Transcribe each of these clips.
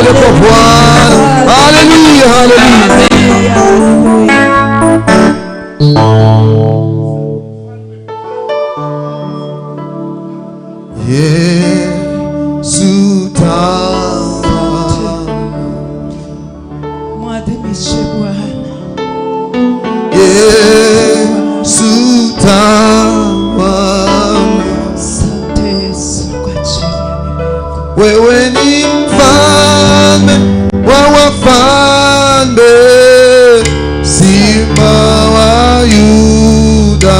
de le pourvoir. Alléluia, Alléluia. Jésus Wewe ni afande, Simão ayúdame,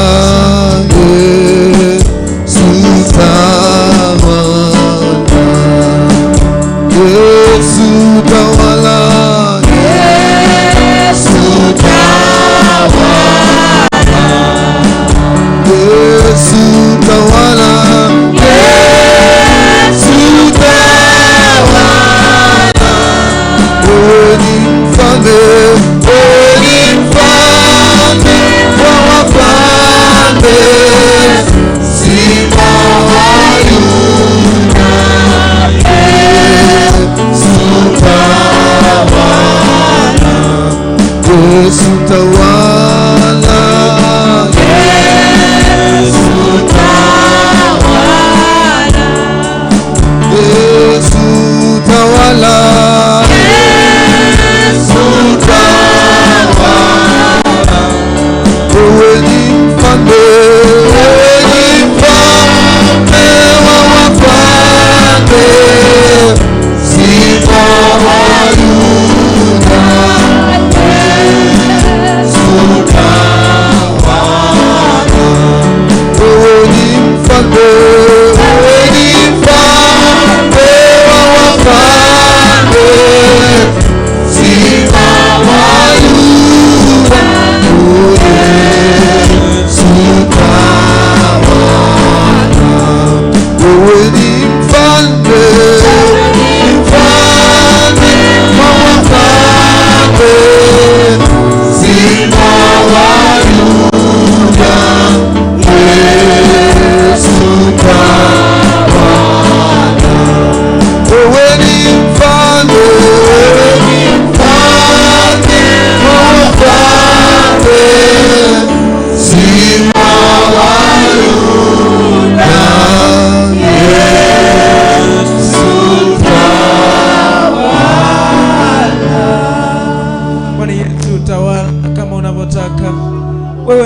Susana, Jesús Tawala, Jesús Tawala, Jesús Tawala. live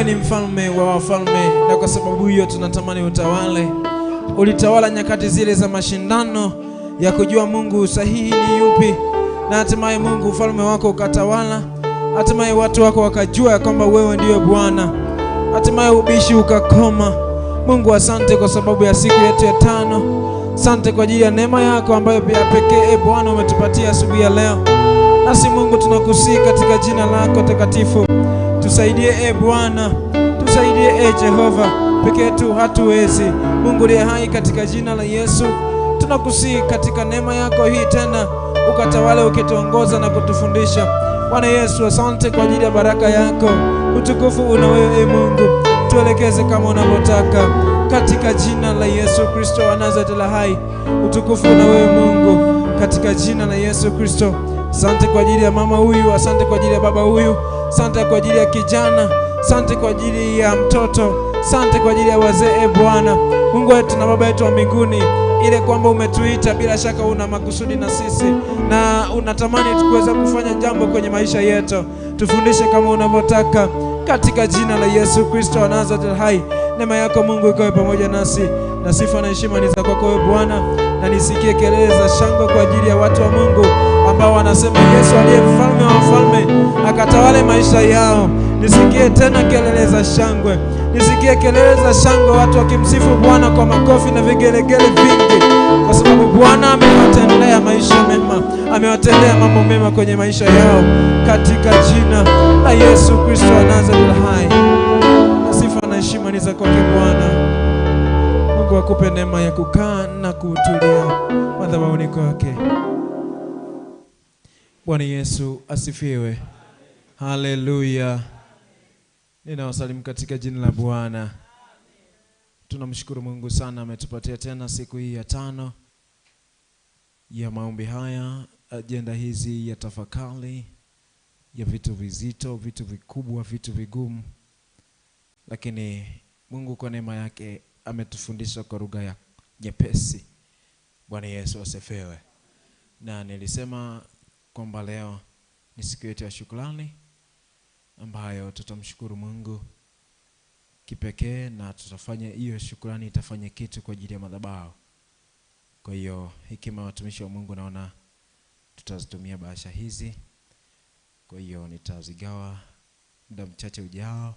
ni mfalme wa wafalme, na kwa sababu hiyo tunatamani utawale. Ulitawala nyakati zile za mashindano ya kujua Mungu sahihi ni yupi, na hatimaye Mungu ufalme wako ukatawala, hatimaye watu wako wakajua ya kwamba wewe ndiyo Bwana, hatimaye ubishi ukakoma. Mungu, asante kwa sababu ya siku yetu ya tano. Asante kwa ajili ya neema yako ambayo pia pekee e Bwana umetupatia asubuhi ya leo. Nasi Mungu tunakusii katika jina lako takatifu tusaidie e Bwana, tusaidie e Jehova, peke yetu hatuwezi. Mungu liye hai, katika jina la Yesu tunakusii katika neema yako hii tena, ukatawale ukituongoza na kutufundisha. Bwana Yesu, asante kwa ajili ya baraka yako. Utukufu una wewe e Mungu, tuelekeze kama unavyotaka katika jina la Yesu Kristo wa Nazareti la hai. Utukufu una wewe Mungu, katika jina la Yesu Kristo. Asante kwa ajili ya mama huyu, asante kwa ajili ya baba huyu, asante kwa ajili ya kijana, asante kwa ajili ya mtoto, asante kwa ajili ya wazee. E Bwana Mungu wetu na Baba yetu wa mbinguni, ile kwamba umetuita bila shaka una makusudi na sisi na unatamani tukuweza kufanya jambo kwenye maisha yetu. Tufundishe kama unavyotaka katika jina la Yesu Kristo wa Nazareti hai Neema yako Mungu ikawe pamoja nasi, na sifa na heshima ni za kwako wewe Bwana, na nisikie kelele za shangwe kwa ajili ya watu wa Mungu ambao wanasema Yesu aliye mfalme wa wafalme akatawale maisha yao. Nisikie tena kelele za shangwe, nisikie kelele za shangwe, watu wakimsifu Bwana kwa makofi na vigelegele vingi, kwa sababu Bwana amewatendea maisha mema, amewatendea mambo mema kwenye maisha yao katika jina akupe neema ya kukaa na kutulia madhabahuni kwake. Bwana Yesu asifiwe. Haleluya. Ninawasalimu katika jina la Bwana. Tunamshukuru Mungu sana ametupatia tena siku hii ya tano ya maombi haya, ajenda hizi ya tafakari ya vitu vizito, vitu vikubwa, vitu vigumu, lakini Mungu kwa neema yake ametufundisha kwa lugha ya nyepesi. Bwana Yesu asifiwe. Na nilisema kwamba leo ni siku yetu ya shukrani ambayo tutamshukuru Mungu kipekee na tutafanya hiyo shukrani itafanya kitu kwa ajili ya madhabahu. Kwa hiyo hekima watumishi wa Mungu naona tutazitumia bahasha hizi. Kwa hiyo nitazigawa muda mchache ujao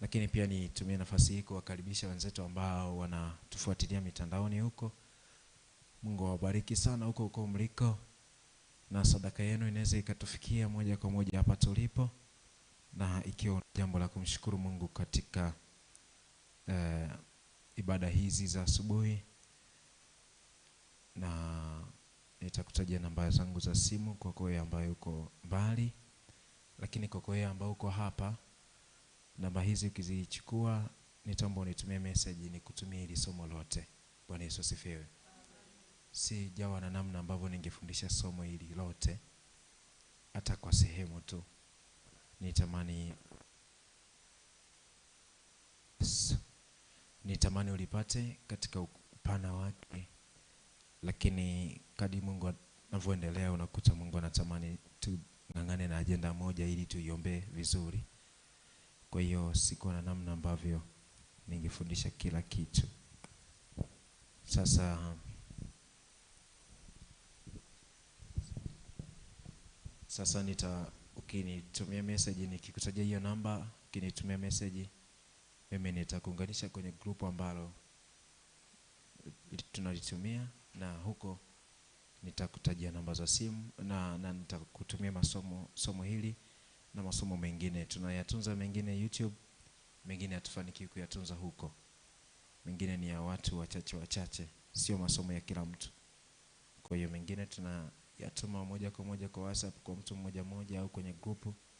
lakini pia nitumie nafasi hii kuwakaribisha wenzetu ambao wanatufuatilia mitandaoni huko. Mungu awabariki sana huko huko mliko, na sadaka yenu inaweza ikatufikia moja kwa moja hapa tulipo, na ikiwa jambo la kumshukuru Mungu katika eh, ibada hizi za asubuhi, na nitakutajia namba zangu za simu kwa kwa ambayo uko mbali, lakini kwa kwa ambayo uko hapa Namba hizi ukizichukua, nitaomba unitumie message kutumia ili somo lote. Bwana Yesu asifiwe. Sijawa na namna ambavyo ningefundisha somo hili lote, hata kwa sehemu tu. Nitamani nitamani ulipate katika upana wake, lakini kadi Mungu anavyoendelea unakuta Mungu anatamani tung'ang'ane na ajenda moja ili tuiombe vizuri. Kwa hiyo siko na namna ambavyo ningefundisha kila kitu. Sasa sasa nita ukinitumia message nikikutajia hiyo namba, ukinitumia message mimi nitakuunganisha kwenye grupu ambalo tunalitumia na huko nitakutajia namba za simu na, na nitakutumia masomo somo hili na masomo mengine tunayatunza, mengine YouTube, mengine hatufanikiwi kuyatunza huko, mengine ni ya watu wachache wachache, sio masomo ya kila mtu. Kwa hiyo mengine tunayatuma moja kwa moja kwa WhatsApp kwa mtu mmoja mmoja au kwenye grupu